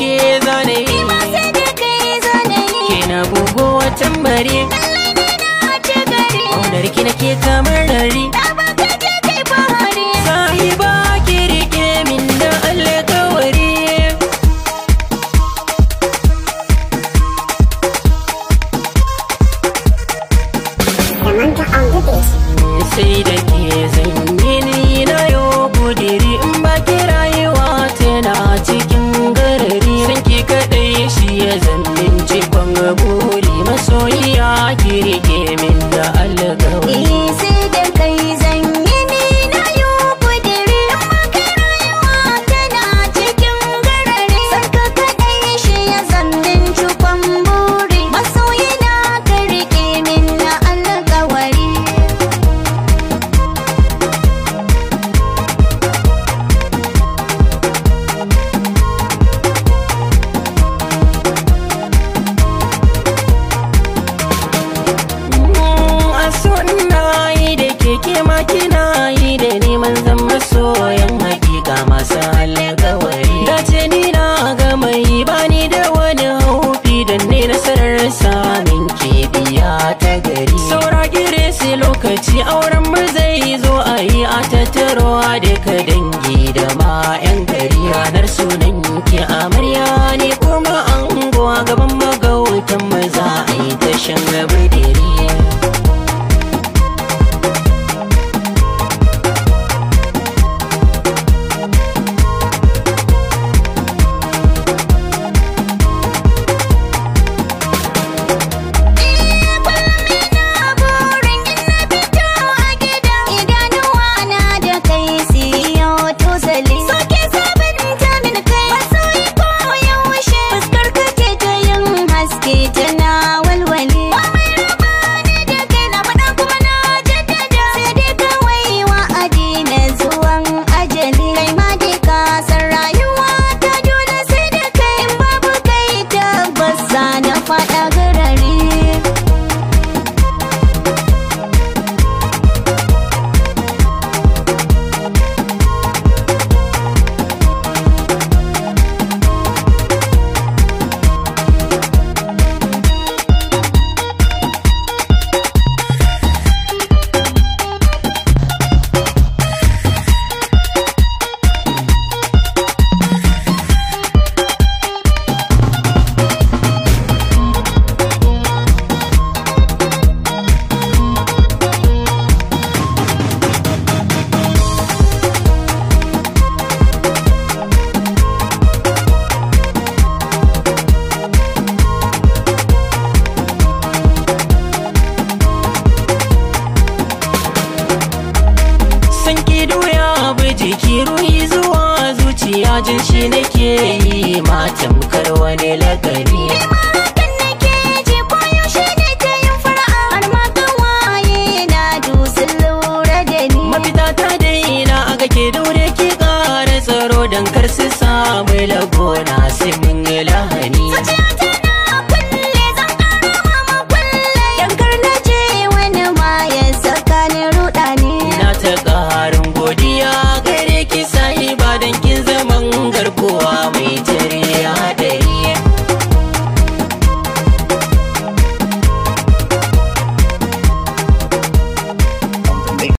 ke zane yi kina bugo tambari ƙaunar ki nake kamar rari ke ma kina yi da neman zan haƙi hakika masu alƙawari da ce ni na ga mai ni da wani haufi don ne nasarar samun biya ta gari saura gire sai lokaci auren mu zai zo a yi a da ka dangi da ma 'yan gari ranar sunan ki amarya ne kuma an gaban magautan maza a yi tashin gabi ido ya bi jiki ruhi zuwa zuciya jin shi nake yi matan karwane wani lagari